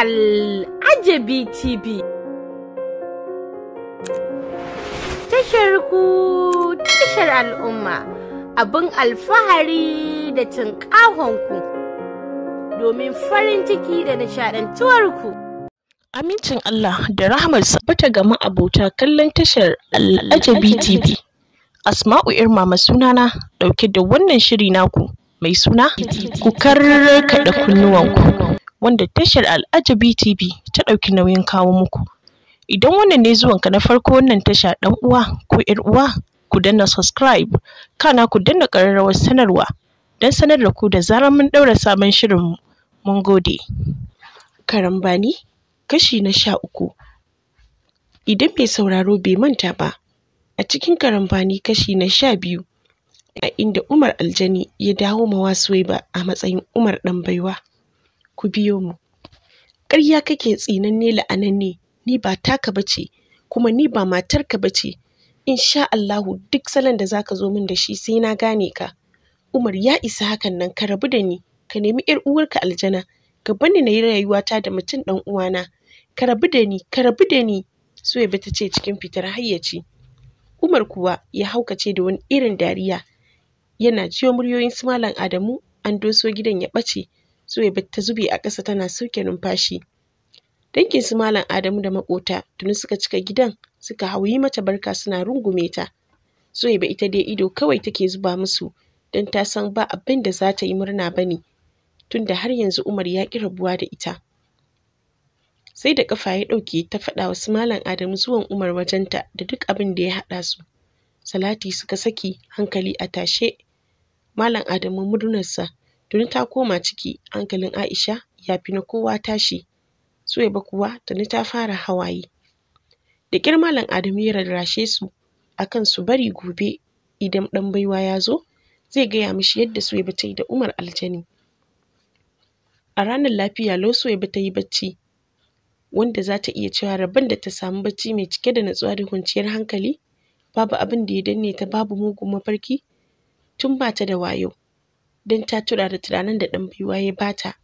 Al'ajabi TV. Tashar ku tashar al'umma abin alfahari da cin ku domin farin ciki da ku. Amincin Allah da rahmar bata gama abota kallon tashar Al'ajabi TV. Asma'u Irma sunana ɗauke da wannan shiri naku mai suna ku da kunnuwanku. wanda tashar Al'ajabi TV ta ɗauki nauyin kawo muku. Idan wannan ne zuwanka na farko wannan tasha ɗan uwa ko ‘yar uwa ku danna subscribe kana ku danna ƙararrawar sanarwa don sanar da ku da zarar mun ɗaura sabon shirin mun gode. Karambani kashi na sha uku. Idan mai sauraro bai manta ba a cikin karambani kashi na sha biyu a inda Umar Aljani ya dawo ma ba a matsayin Umar ɗan baiwa. ku biyo mu. Ƙarya kake tsinanne la'ananne, ni ba taka ba ce, kuma ni ba matarka ba ce, sha Allahu duk salon da zaka zo min da shi sai na gane ka. Umar ya isa hakan nan ka rabu da ni, ka nemi ‘yar uwarka aljana, ka bani na yi rayuwata da mutum ɗan uwana, ka rabu da ni, ka rabu da ni. Suwaiba ta ce cikin fitar hayyaci. Umar kuwa ya haukace da wani irin dariya, yana jiyo muryoyin su Malam Adamu an doso gidan ya ɓace Zuwaiba ta zubi a ƙasa tana sauke numfashi. Dangin su Malam Adamu da maƙota tuni suka cika gidan suka hau yi mata barka suna rungume ta. Zuwaiba ita dai ido kawai take zuba musu don ta san ba abin da za ta yi murna ba ne tunda har yanzu Umar ya ƙi rabuwa da ita. Sai da ƙafa ya ɗauke ta faɗa wa su Malam Adamu zuwan Umar wajenta da duk abin da ya haɗa su. Salati suka saki hankali a tashe. Malam Adamu murnarsa Tuni ta koma ciki hankalin Aisha ya fi na kowa tashi. Suwaiba kuwa tuni ta fara hawaye. Da ƙyar Malam Adamu ya rarrashe su akan su bari gobe idan ɗan baiwa ya zo zai gaya mishi yadda Suwaiba ta yi da Umar Aljani. A ranar lafiya lau Suwaiba ta yi bacci wanda za ta iya cewa rabon da ta samu bacci mai cike da natsuwa da kwanciyar hankali babu abin da ya danne ta babu mugun mafarki tun ba ta da wayo. don ta tuna da tunanin da ɗan biyuwa ya bata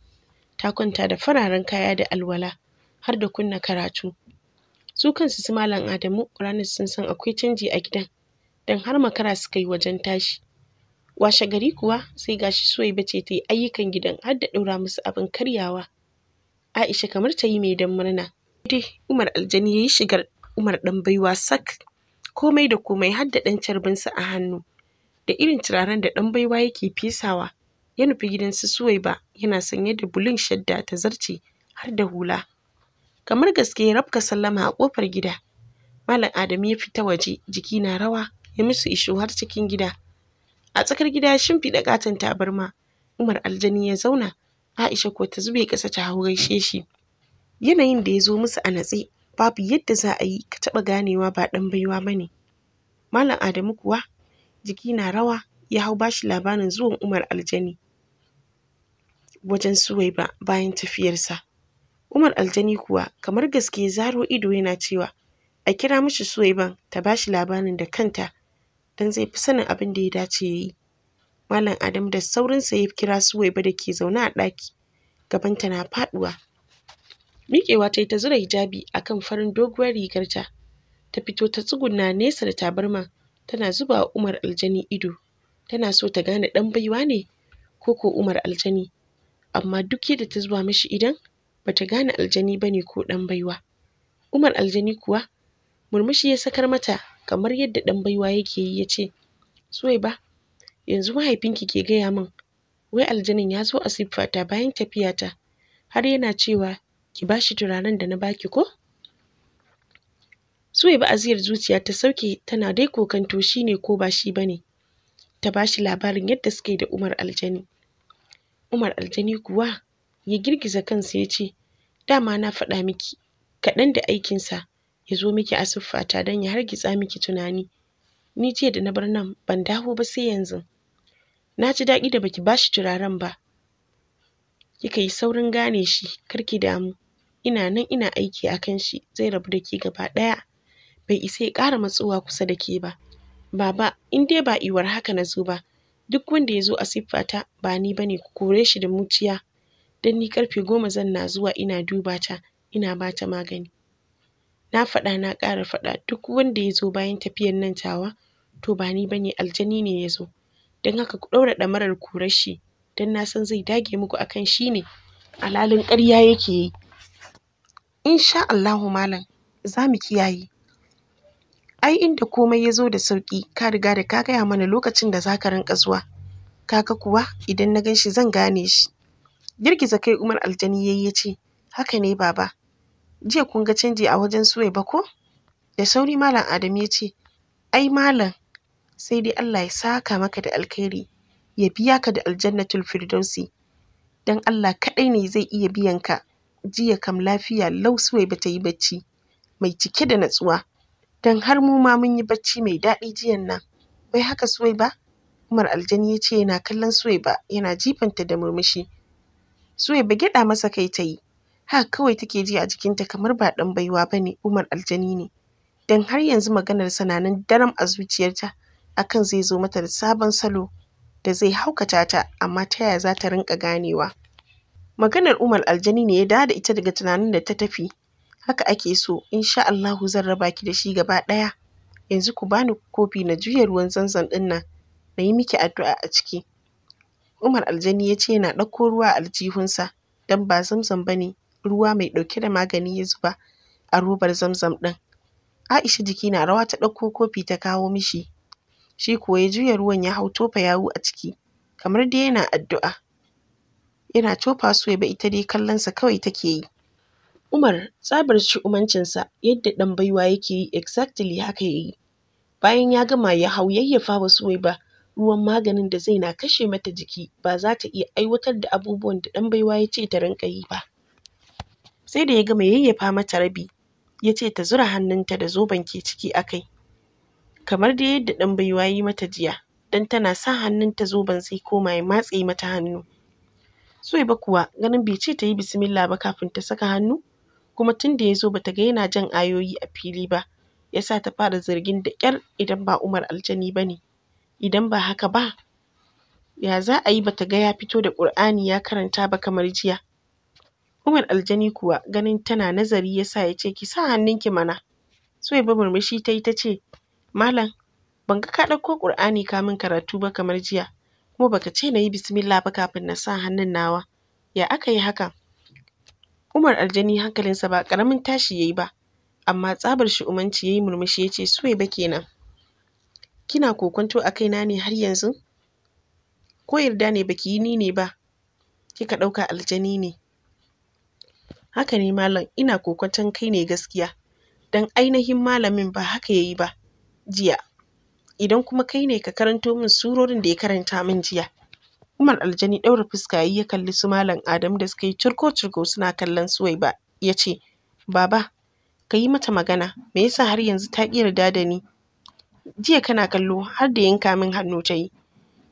ta kwanta da fararen kaya da alwala har da kunna karatu su kansu su malam Adamu ranar sun san akwai canji a gidan don har makara suka yi wajen tashi washe gari kuwa sai gashi Suwaiba ce ta yi ayyukan gidan har da ɗaura musu abin karyawa Aisha kamar ta yi mai dan murna dai Umar Aljani ya yi shigar Umar ɗan baiwa sak komai da komai har da ɗan carbinsa a hannu da irin turaren da ɗan baiwa yake fesawa ya nufi gidan su Suwaiba yana sanye da bulun shadda ta zarce har da hula. Kamar gaske ya rabka sallama a ƙofar gida. Malam Adamu ya fita waje jiki na rawa ya musu isho har cikin gida. A tsakar gida shimfiɗa ƙaton tabarma. Umar Aljani ya zauna Aisha ko ta zube ƙasa ta hau gaishe shi. Yanayin da ya zo musu a natse babu yadda za a yi ka taɓa ganewa ba ɗan baiwa ba ne. Malam Adamu kuwa jiki na rawa ya hau bashi labarin zuwan Umar Aljani wajen Suwaiba bayan tafiyarsa. Umar Aljani kuwa kamar gaske ya zaro ido yana cewa a kira mishi Suwaiban ta bashi labarin da kanta don zai fi sanin abin da ya dace ya yi. Malam Adamu da saurin sa ya kira Suwaiba da ke zaune a ɗaki gabanta na faɗuwa. Miƙewa ta yi ta zura hijabi akan farin doguwar rigarta ta fito ta tsuguna nesa da tabarma tana zuba wa Umar aljani ido tana so ta gane ɗan baiwa ne ko ko Umar aljani amma duk yadda ta zuba mashi idan bata gane aljani ba ne ko ɗan baiwa Umar aljani kuwa murmushi ya sakar mata kamar yadda ɗan baiwa yake yi ya ce Suwaiba yanzu mahaifinki ke gaya min wai aljanin ya zo a siffata bayan tafiyata har yana cewa ki bashi turaren da na baki ko Suwaiba aziyar zuciya ta sauke tana dai kokanto shi ne ko ba shi bane. Ta ba shi labarin yadda suke da Umar Aljani. Umar Aljani kuwa ya girgiza kansa ya ce, dama na faɗa miki kaɗan da aikinsa ya zo miki a don ya hargitsa miki tunani. Ni jiya da na bar nan ban dawo ba sai yanzu. Na ji daɗi da baki shi turaren ba. Kika yi saurin gane shi, kar ki damu. Ina nan ina aiki a kan shi, zai rabu da ke gaba ɗaya. bai isa ya ƙara matsowa kusa da ke ba baba in dai ba iwar haka na zo ba duk wanda ya zo a siffata ba ni ba ne ku kore shi da muciya don ni ƙarfe goma zan na zuwa ina duba ta ina ba ta magani na faɗa na ƙara faɗa duk wanda ya zo bayan tafiyar nan tawa to ba ni ba ne aljani ne ya zo don haka ku ɗaura ɗamarar kore shi don na san zai dage muku akan shi ne alalin ƙarya yake yi sha Allahu malam za mu kiyaye ai inda komai ya zo da sauƙi ka riga da ka gaya mana lokacin da za ka rinƙa zuwa kaga kuwa idan na gan shi zan gane shi girgiza kai umar aljani yayi ya ce haka ne baba jiya kun ga canji a wajen suwai ba ko da sauri malam Adamu ya ce ai malam sai dai allah ya saka maka da alkhairi ya biya ka da aljannatul firdausi dan allah kaɗai ne zai iya biyan ka jiya kam lafiya lau suwai ta yi bacci mai cike da natsuwa don har mu ma mun yi bacci mai daɗi jiyan nan. Wai haka Suwaiba? Umar Aljani ya ce yana kallon Suwaiba yana jifanta da murmushi. Suwaiba gyaɗa masa kai ta yi. Haka kawai take ji a jikinta kamar ba ɗan baiwa ba ne Umar Aljani ne. Don har yanzu maganar sananin daram a zuciyarta akan zai zo mata da sabon salo da zai haukata ta amma ta yaya za ta rinƙa ganewa. Maganar Umar Aljani ne ya dawo da ita daga tunanin da ta tafi haka ake so insha Allahu zan raba ki da shi gaba ɗaya yanzu ku bani kofi na juya ruwan zanzan ɗin nan na yi miki addu'a a ciki Umar Aljani ya ce yana ɗauko ruwa a aljihunsa don ba zamzam ba ne ruwa mai ɗauke da magani ya zuba a robar zamzam ɗin Aisha jiki na rawa ta ɗauko kofi ta kawo mishi shi kuwa ya juya ruwan ya hau tofa yawu a ciki kamar dai yana addu'a yana tofa su ya ita dai kallonsa kawai take yi Umar tsabar shi'umancinsa yadda ɗan baiwa yake yi exactly haka ya yi. Bayan ya gama ya hau yayyafa wa Suwaiba ruwan maganin da zai na kashe mata jiki ba za ta iya aiwatar da abubuwan da ɗan baiwa ya ce ta rinƙa yi ba. Sai da ya gama yayyafa mata rabi ya ce ta zura hannunta da zoben ke ciki a kai. Kamar dai yadda ɗan baiwa ya yi mata jiya don tana sa hannunta zoben sai koma ya matse mata hannu. Suwaiba kuwa ganin bai ce ta yi bismillah ba kafin ta saka hannu kuma tun da ya zo bata ga yana jan ayoyi a fili ba ya sa ta fara zargin da ƙyar idan ba Umar aljani ba ne idan ba haka ba ya za a yi ba ta ga ya fito da ƙur'ani ya karanta ba kamar jiya Umar aljani kuwa ganin tana nazari ya sa ya ce ki sa hannunki mana Suwaiba murmushi ta yi ta ce malam ban ga ka ɗauko ƙur'ani kamin karatu ba kamar jiya kuma baka ce na yi bismillah ba kafin na sa hannun nawa ya aka yi hakan? Umar aljani hankalinsa ba ƙaramin tashi ya yi ba, amma tsabar umanci ya yi murmushi ya ce Suwaiba kenan. Kina kokonto a kaina ne har yanzu? Ko yarda ne baki yi ni ne ba? Kika ɗauka aljani ne. Haka ne malam ina kokonton kai ne gaskiya, don ainihin malamin ba haka ya yi ba, jiya. Idan kuma kai ne ka karanto min surorin da ya karanta min jiya, Umar Aljani ɗaura fuska ya kalli su Malam Adamu da suka yi curko-curko suna kallon Suwaiba ya ce, Baba, ka yi mata magana, me yasa har yanzu ta ƙi yarda da ni? Jiya kana kallo har da yanka min hannu ta yi.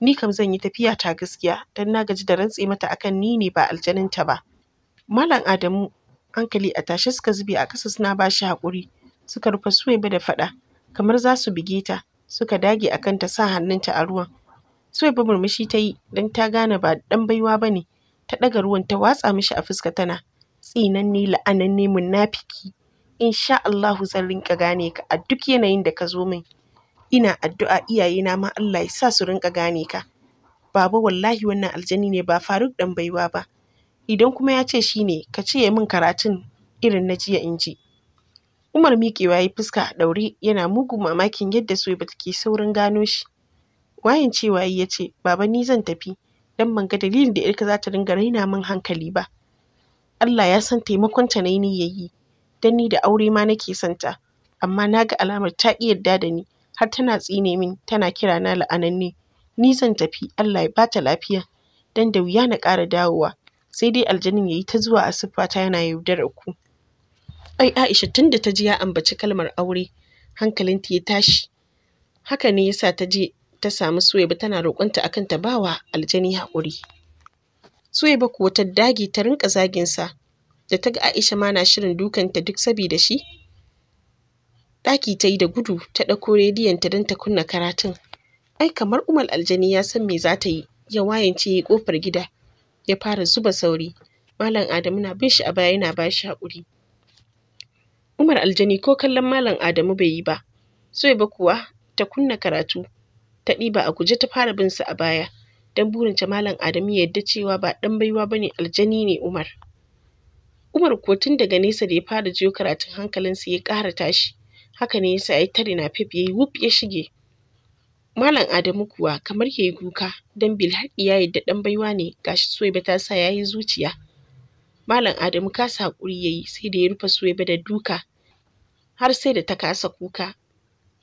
Ni kam zan yi tafiya ta gaskiya don na gaji da rantse mata akan ni ne ba ta ba. Malam Adamu hankali a tashe suka zube a ƙasa suna ba shi haƙuri suka rufe Suwaiba da faɗa kamar za su bige ta suka dage akan ta sa hannunta a ruwan. Suwaiba murmushi ta yi don ta gane ba ɗan baiwa ba ne. Ta ɗaga ruwan ta watsa mishi a fuska tana tsinanne la'ananne munnafiki. Insha Allahu zan rinka gane ka a duk yanayin da ka zo min. Ina addu'a iyayena ma Allah ya sa su rinka gane ka. Baba wallahi wannan aljani ne ba Faruk ɗan baiwa ba. Idan kuma ya ce shi ne ka ce ya min karatun irin na jiya in ji. Umar miƙewa ya yi fuska a ɗaure yana mugun mamakin yadda Suwaiba take saurin gano shi. Wayan cewa yayi ya ce, Baba ni zan tafi, don ban ga dalilin da ‘yarka za ta dinga raina min hankali ba. Allah ya san taimakonta na yi niyyar yi, don ni da aure ma nake son ta, amma na ga alamar ta ƙi yadda da ni, har tana tsine min tana kira na la'ananne. Ni zan tafi, Allah ya bata lafiya, don da wuya na ƙara dawowa, sai dai aljanin ya yi ta zuwa a ta yana yaudarar ku. Ai Aisha tun da ta ji ya ambaci kalmar aure, hankalinta ya tashi. Haka ne yasa sa ta je ta samu Suwaiba tana roƙonta akan ta bawa aljani haƙuri. Suwaiba kuwa ta dage ta rinka zaginsa da ta ga Aisha ma na shirin dukanta duk sabida shi. Ɗaki ta yi da gudu ta ɗauko rediyonta don ta kunna karatun. Ai kamar Umar aljani ya san me za ta yi ya wayance ya kofar gida ya fara zuba sauri. Malam Adamu na bin shi a baya yana ba shi haƙuri. Umar aljani ko kallon Malam Adamu bai yi ba. Suwaiba kuwa ta kunna karatu ta ɗiba a guje ta fara bin su a baya don burince malam adamu ya yadda cewa ba ɗan baiwa ba ne aljani ne umar umar ko tun daga nesa da ya fara jiyo karatun hankalinsa ya ƙara tashi haka ne yasa ya tare na fif yayi wuf ya shige malam adamu kuwa kamar yayi kuka don bilhaɗi ya yadda ɗan baiwa ne gashi suwaiba ta sa yayi zuciya malam adamu kasa haƙuri yayi sai da ya rufe suwaiba da duka har sai da ta kasa kuka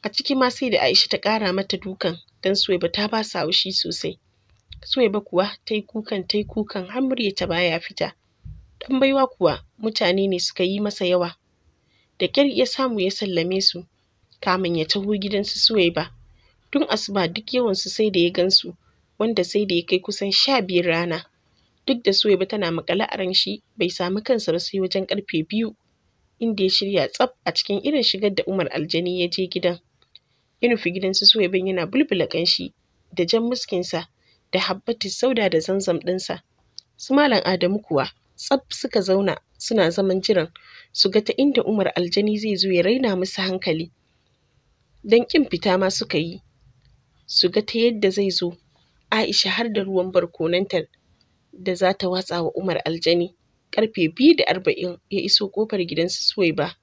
a ciki ma sai da aisha ta ƙara mata dukan don Suwaiba ta ba sa haushi sosai. Suwaiba kuwa ta yi kukan ta yi kukan har ta baya fita. Don baiwa kuwa mutane ne suka yi masa yawa. Da ƙyar ya samu ya sallame su kamin ya taho gidansu Suwaiba. Tun asuba duk yawansu sai da ya gansu wanda sai da ya kai kusan sha biyar rana. Duk da Suwaiba tana maƙale a ran shi bai samu kansa ba sai wajen ƙarfe biyu inda ya shirya tsaf a cikin irin shigar da Umar Aljani ya je gidan. ya nufi gidan su Suwaiban yana bulbula ƙanshi da jan muskinsa da habbatu sauda da zanzam ɗinsa. Su Malam Adamu kuwa tsaf suka zauna suna zaman jiran su ga ta inda Umar Aljani zai zo ya raina musu hankali. dan kin fita ma suka yi su ga ta yadda zai zo Aisha har da ruwan barkonanta da za ta watsa wa Umar Aljani. Karfe biyu da arba'in ya iso ƙofar gidan su Suwaiba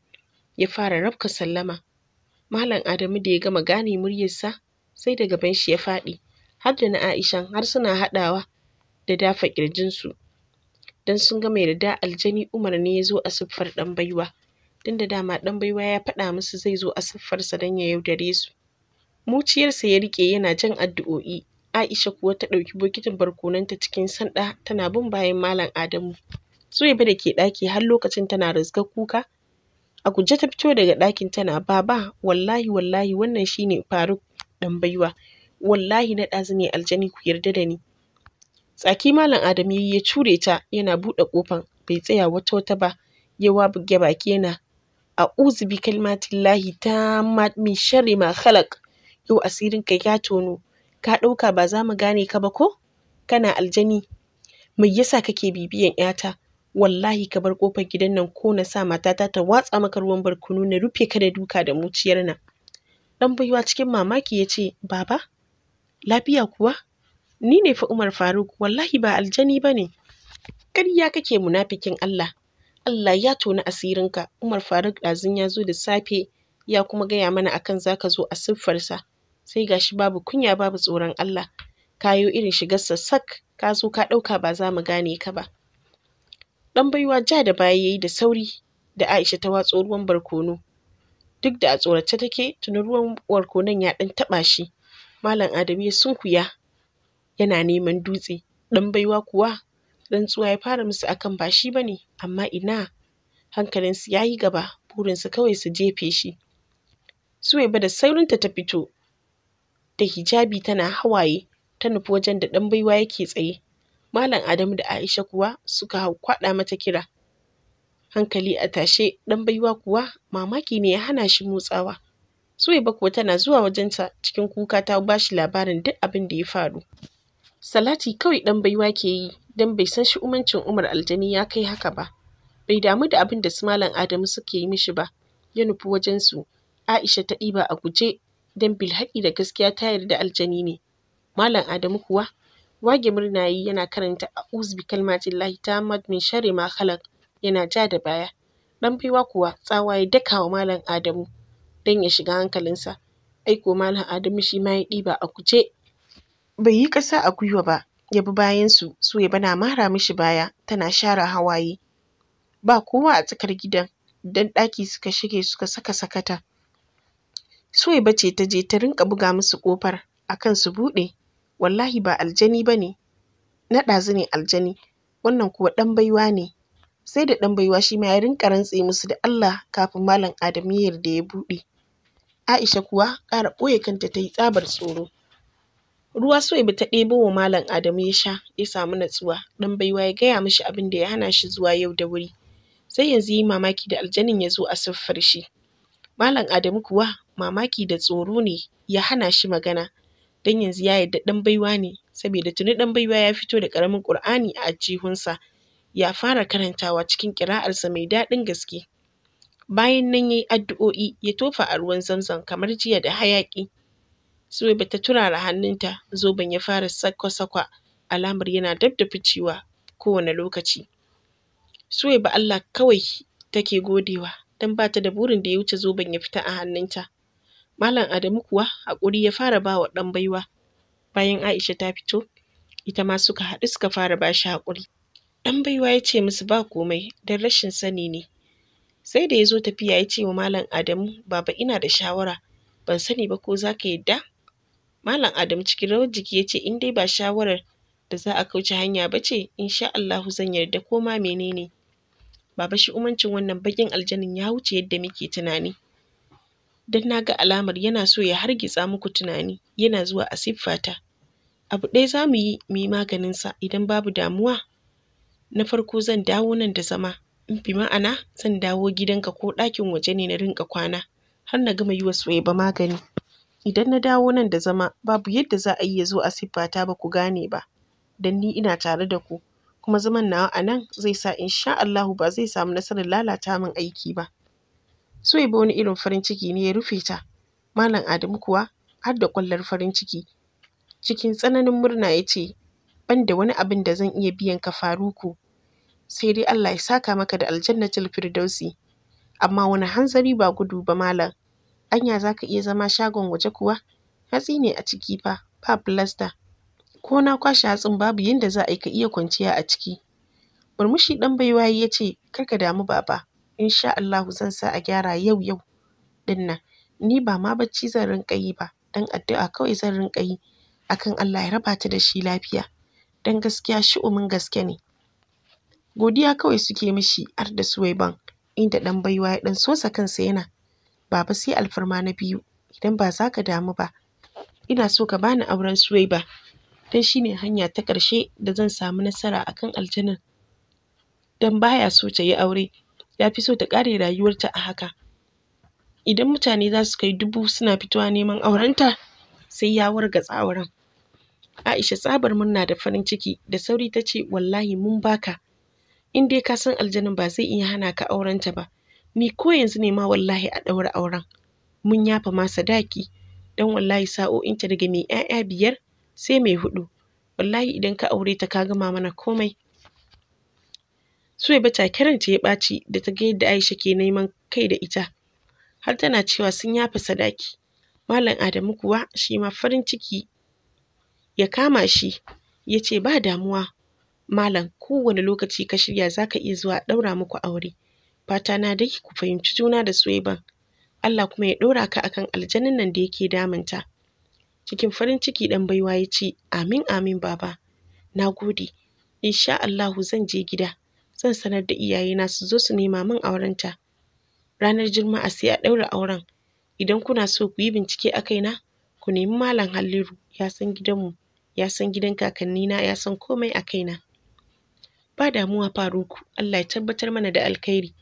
ya fara rafka sallama. Malam Adamu da ya gama gane muryarsa sai da gaban shi ya faɗi har da na Aishan har suna haɗawa da dafa ƙirjinsu don sun gama yarda aljani Umar ne ya zo a siffar ɗan baiwa don da dama ɗan baiwa ya faɗa musu zai zo a siffarsa don ya yaudare su. Muciyarsa ya riƙe yana jan addu'o'i Aisha kuwa ta ɗauki bokitin barkonanta cikin sanda tana bin bayan Malam Adamu. Suwaiba da ke ɗaki har lokacin tana razgar kuka a guje ta fito daga ɗakin tana baba wallahi wallahi wannan shine faruk dan baiwa wallahi na ɗazu ne aljani ku yarda da ni tsaki malam adam yayi ya cure ta yana buɗe ƙofan bai tsaya wata wata ba ya wabuge baki yana a bi kalmatillahi ta min sharri ma khalaq yau asirin ka ya tono ka ɗauka ba za mu gane ka ba ko kana aljani mai yasa kake bibiyan 'yata wallahi ka bar kofar gidan nan ko na sa matata ta watsa maka ruwan barkono na rufe ka da duka da muciyar nan dan baiwa cikin mamaki ya ce baba lafiya kuwa ni ne fa umar faruk wallahi ba aljani ba ne ƙarya kake munafikin allah allah ya toni asirinka umar faruk ɗazun ya zo da safe ya kuma gaya mana akan zaka zo a siffarsa sai gashi babu kunya babu tsoron allah kayo irin shigar sak. ka zo ka ɗauka ba za mu gane ka ba Ɗan baiwa ja da baya ya yi da sauri da Aisha ta watso ruwan barkono. Duk da a tsorace take tuni ruwan barkonon ya ɗan taɓa shi. Malam Adamu ya sunkuya yana neman dutse. Ɗan kuwa rantsuwa ya fara musu akan ba shi bane amma ina hankalinsu ya yi gaba burinsu kawai su jefe shi. Suwaiba da saurin ta ta fito da hijabi tana hawaye ta nufi wajen da ɗan yake tsaye Malam Adamu da Aisha kuwa suka hau kwaɗa mata kira. Hankali a tashe ɗan baiwa kuwa mamaki ne ya hana shi motsawa. Suwaiba kuwa tana zuwa wajenta cikin kuka ta bashi labarin duk abin da ya faru. Salati kawai ɗan baiwa ke yi don bai san shi umancin Umar aljani ya kai haka ba. Bai damu da abin da su Malam Adamu suke yi mishi ba, ya nufi wajensu. Aisha ta ɗiba a guje don bilhaƙi da gaskiya ta yarda aljani ne. Malam Adamu kuwa Wage murnaye yana karanta "A'udhu bi ta tammat min sharri ma khalaq" yana ja da baya. Dan baiwa kuwa tsawa ya daka wa Malam Adamu dan ya shiga hankalinsa. sa aiko Malam Adamu shi ma ya ɗiba a kuce. Bai yi ƙasa a gwiwa ba, ya bi su Suwaiba na mara mishi baya tana share hawaye. Ba kowa a tsakar gidan, dan ɗaki suka shige suka saka sakata. Suwaiba ce ta je ta rinka buga musu ƙofar a kan su buɗe. wallahi ba aljani ba ne na ɗazu ne aljani wannan kuwa ɗan baiwa ne sai da ɗan baiwa shi ma ya rinka rantse musu da Allah kafin malam Adamu ya yarda ya buɗe Aisha kuwa ƙara ɓoye kanta ta yi tsabar tsoro ruwa so ta ɗebo wa malam Adamu ya sha ya samu natsuwa ɗan baiwa ya gaya mishi abin da ya hana shi zuwa yau da wuri sai yanzu ya yi mamaki da aljanin ya zo a siffar shi malam Adamu kuwa mamaki da tsoro ne ya hana shi magana don yanzu ya yadda ɗan baiwa ne saboda tuni ɗan baiwa ya fito da ƙaramin ƙur'ani a ajihunsa ya fara karantawa cikin ƙira'arsa mai daɗin gaske bayan nan ya yi addu'o'i ya tofa a ruwan zamzam kamar jiya da hayaƙi Suwaiba ta turara hannunta zoben ya fara sakwa-sakwa alamar yana dab da ficewa kowane lokaci Suwaiba Allah kawai take godewa don ba ta da burin da ya wuce zoben ya fita a hannunta Malam Adamu kuwa haƙuri ya fara ba wa ɗan baiwa. Bayan Aisha ta fito, ita ma suka haɗu suka fara ba shi haƙuri. Ɗan baiwa ya ce musu ba komai don rashin sani ne. Sai da ya zo tafiya ya ce wa Malam Adamu, Baba ina da shawara, ban sani ba ko za ka yadda? Malam Adamu cikin rawar jiki ya ce in dai ba shawarar da za a kauce hanya ba ce, sha Allahu zan yarda ko ma menene. Baba shi umancin wannan baƙin aljanin ya wuce yadda muke tunani. don na ga alamar yana so ya hargitsa muku tunani yana zuwa a siffata abu ɗaya za mu yi mu yi maganinsa idan babu damuwa na farko zan dawo nan da zama in fi ma'ana zan dawo gidanka ko ɗakin waje ne na rinka kwana har na gama yi wa soyayya magani idan na dawo nan da zama babu yadda za a iya zo a siffata ba ku gane ba don ni ina tare da ku kuma zaman nawa a nan zai sa sha Allahu ba zai samu nasarar lalata min aiki ba Suwaiba wani irin farin ciki ne ya rufe ta. Malam Adamu kuwa har da kwallon farin ciki. Cikin tsananin murna ya ce, ban da wani abin da zan iya biyan ka Faruku, sai dai Allah ya saka maka da aljannatul firdausi. Amma wani hanzari ba gudu ba malam, anya za ka iya zama shagon waje kuwa? Hatsi ne a ciki fa, ba filasta. Ko na kwashe hatsin babu yadda za a yi ka iya kwanciya a ciki. Murmushi ɗan baiwayi ya ce, kar ka damu baba, insha Allahu zan sa a gyara yau yau ɗin nan. Ni ba ma bacci zan rinƙa yi ba, dan addu'a kawai zan rinƙa yi akan Allah ya raba ta da shi lafiya. dan gaskiya shi shi'umin gaske ne. Godiya kawai suke mishi har da Suwaiban inda ɗan baiwa ya ɗan sosa kansa yana Baba sai alfarma na biyu idan ba za ka damu ba. Ina so ka bani auren Suwaiba dan shi ne hanya ta ƙarshe da zan samu nasara akan aljanin. dan baya ba ya so ta yi aure ya fi so ta ƙare rayuwarta a haka idan mutane za su kai dubu suna fitowa neman aurenta sai ya warga auren Aisha tsabar murna da farin ciki da sauri ta ce wallahi mun baka in dai ka san aljanin ba zai iya hana ka aurenta ba ni ko yanzu ne ma wallahi a ɗaura auren mun yafa ma sadaki dan wallahi sa'o'inta daga mai 'ya'ya biyar sai mai hudu wallahi idan ka aure ta ka gama mana komai Suwaiba take ranta ya ɓaci da ta ga yadda Aisha ke neman kai da ita. Har tana cewa sun yafa sadaki. Malam Adamu kuwa shi ma farin ciki ya kama shi ya ce ba damuwa Malam kowane lokaci ka shirya za ka iya zuwa ɗaura muku aure. Fata na dai ku fahimci juna da Suwaiban. Allah kuma ya ɗora ka akan aljanin nan da yake ta. Cikin farin ciki ɗan baiwa ya ce, Amin amin baba, na gode, insha Allahu zan je gida. zan sanar da iyayena su zo su nema min aurenta ranar juma'a sai a ɗaura auren idan kuna so ku yi bincike a kaina ku nemi malam halliru ya san gidanmu ya san gidan kakannina ya san komai a kaina ba damuwa faruku allah ya tabbatar mana da alkhairi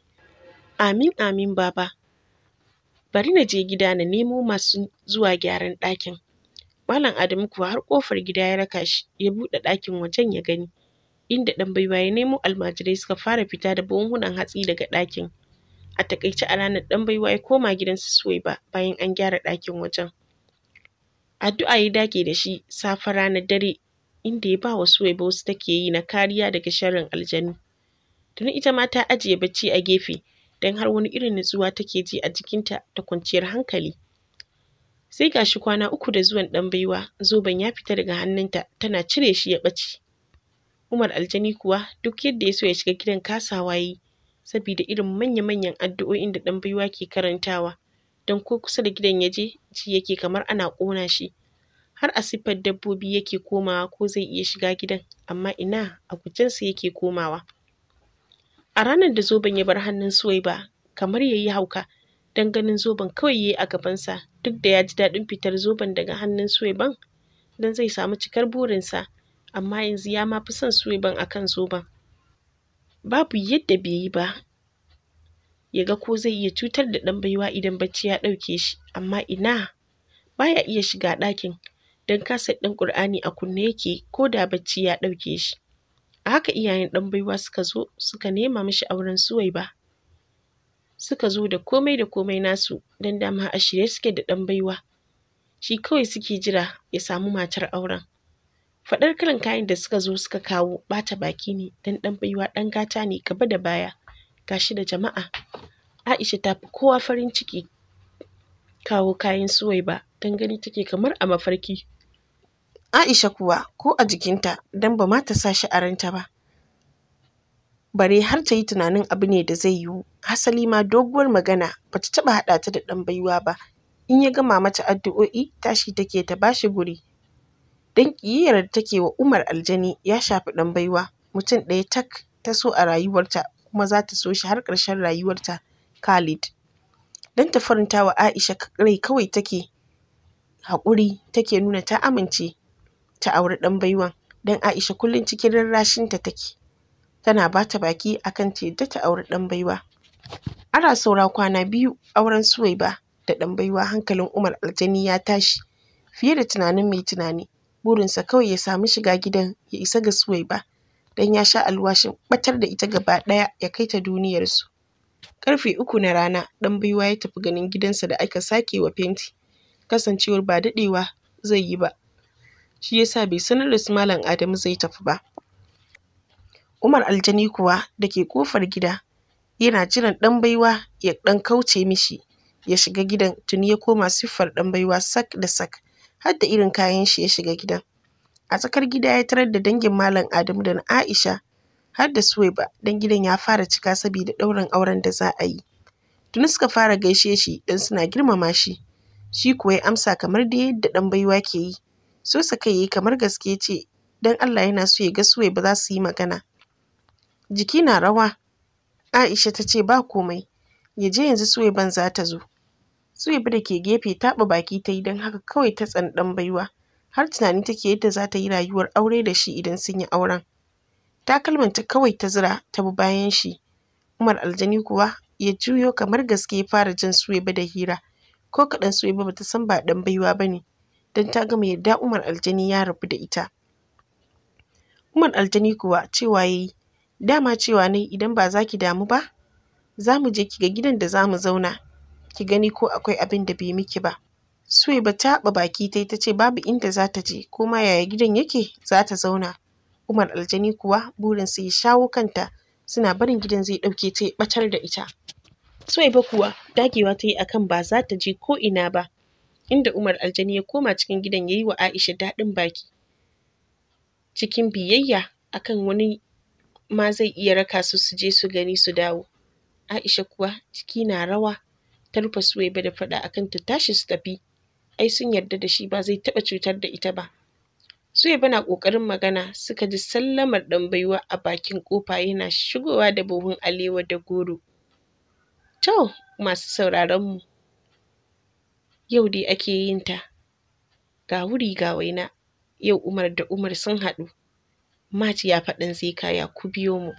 amin amin baba bari na je gida na nemo masu zuwa gyaran ɗakin malam adamu kuwa har ƙofar gida ya raka shi ya buɗe ɗakin wajen ya gani inda ɗan baiwa ya nemo almajirai suka fara fita da buhunhunan hatsi daga ɗakin. A taƙaice a ranar ɗan baiwa ya koma gidansu Suwaiba bayan an gyara ɗakin wajen. Addu'a ya dage da shi safe ranar dare inda ya ba wa Suwaiba wasu take yi na kariya daga sharrin aljanu. Tuni ita ma ta ajiye bacci a gefe don har wani irin nutsuwa take ji a jikinta ta kwanciyar hankali. Sai gashi kwana uku da zuwan ɗan baiwa zoben ya fita daga hannunta tana cire shi ya ɓace. Umar Aljani kuwa duk yadda ya so ya shiga gidan kasawa yi saboda irin manya-manyan addu'o'in da ɗan baiwa ke karantawa don ko kusa da gidan ya je ji yake kamar ana ƙona shi har a siffar dabbobi yake komawa ko zai iya shiga gidan amma ina a gujensa yake komawa a ranar da zoben ya bar hannun suwaiba kamar ya yi hauka don ganin zoben kawai ya yi a gabansa duk da ya ji daɗin fitar zoben daga hannun suwaiban don zai samu cikar burinsa amma yanzu ya ma fi son a akan zoben babu yadda bai yi ba ya ga ko zai iya cutar da ɗan baiwa idan bacci ya ɗauke shi amma ina baya iya shiga ɗakin don kaset ɗin ƙur'ani a kunne yake ko da bacci ya ɗauke shi a haka iyayen ɗan baiwa suka zo suka nema mishi auren suwaiba suka zo da komai da komai nasu don dama a shirye suke da ɗan baiwa shi kawai suke jira ya samu matar auren faɗar kalan kayan da suka zo suka kawo bata baki ne dan ɗan baiwa ɗan gata ne gaba da baya gashi da jama'a Aisha ta fi kowa farin ciki kawo kayan Suwaiba don gani take kamar a mafarki Aisha kuwa ko a jikinta dan ba ma ta sa shi a ranta ba bare har ta yi tunanin abu ne da zai yiwu hasali ma doguwar magana ba ta taɓa haɗa ta da ɗan baiwa ba in ya gama mata addu'o'i tashi take ta bashi guri Don ƙiyayyar da take wa Umar Aljani ya shafi baiwa. mutum ɗaya tak ta so a rayuwarta kuma za ta so shi har ƙarshen rayuwarta, Khalid. Don ta faranta wa Aisha rai kawai take haƙuri take nuna ta amince ta auri baiwan don Aisha kullum cikin rarrashinta take, tana ba ta baki a kan ta ta auri baiwa. Ana saura kwana biyu auren Suwaiba da baiwa hankalin Umar Aljani ya tashi fiye da tunanin mai tunani. burinsa kawai ya sami shiga gidan ya isa ga ba don ya sha alwashin batar da ita gaba ɗaya ya kai ta duniyarsu. karfe uku na rana ɗan bayuwa ya tafi ganin gidansa da aka sake wa fenti, kasancewar ba daɗewa zai yi ba, shi ya sa bai sanar da su Malam Adamu zai tafi ba. Umar Aljani kuwa da ke kofar gida yana jiran ɗan bayuwa ya ɗan kauce mishi ya shiga gidan tuni ya koma siffar baiwa sak da sak har da irin kayan shi ya shiga gidan. A tsakar gida ya tarar da dangin Malam Adamu da na Aisha har da Suwaiba don gidan ya fara cika saboda ɗaurin auren da za a yi. Tuni suka fara gaishe shi don suna girmama shi. Shi kuwa ya amsa kamar dai yadda ɗan baiwa ke yi. So kai yi kamar gaske ce don Allah yana so ya ga Suwaiba za su yi magana. Jiki na rawa. Aisha ta ce ba komai. Ya je yanzu Suwaiban za ta zo. Suwaiba da ke gefe taɓa baki ta yi don haka kawai ta tsani ɗan baiwa. Har tunani take yadda za ta yi rayuwar aure da shi idan sun yi auren. Takalmanta kawai ta zira ta bi bayan shi. Umar Aljani kuwa ya juyo kamar gaske ya fara jin Suwaiba da hira. Ko kaɗan Suwaiba ta san ba ɗan baiwa ba ne. Don ta gama yadda Umar Aljani ya rabu da ita. Umar Aljani kuwa cewa ya yi, dama cewa ne idan ba za ki damu ba, za mu je ki ga gidan da za mu zauna ki gani ko akwai abin da bai miki ba Suwaiba ta haɓa baki ta ta ce babu inda za ta je ko ma yaya gidan yake za ta zauna. Umar Aljani kuwa burinsa ya shawo kanta suna barin gidan zai ɗauke ta ya ɓatar da ita. Suwaiba kuwa dagewa ta yi akan ba za ta je ko ina ba inda Umar Aljani ya koma cikin gidan ya yi wa Aisha daɗin baki. Cikin biyayya akan wani ma zai iya raka su su je su gani su dawo. Aisha kuwa ciki na rawa ta rufe Suwaiba da faɗa akan ta tashi su tafi ai sun yarda da shi ba zai taɓa cutar da ita ba Suwaiba na ƙoƙarin magana suka ji sallamar ɗan a bakin ƙofa yana shigowa da buhun alewa da goro to masu sauraron mu yau dai ake yin ta ga wuri ga waina yau Umar da Umar sun haɗu Mat ya faɗin zai kaya ku biyo mu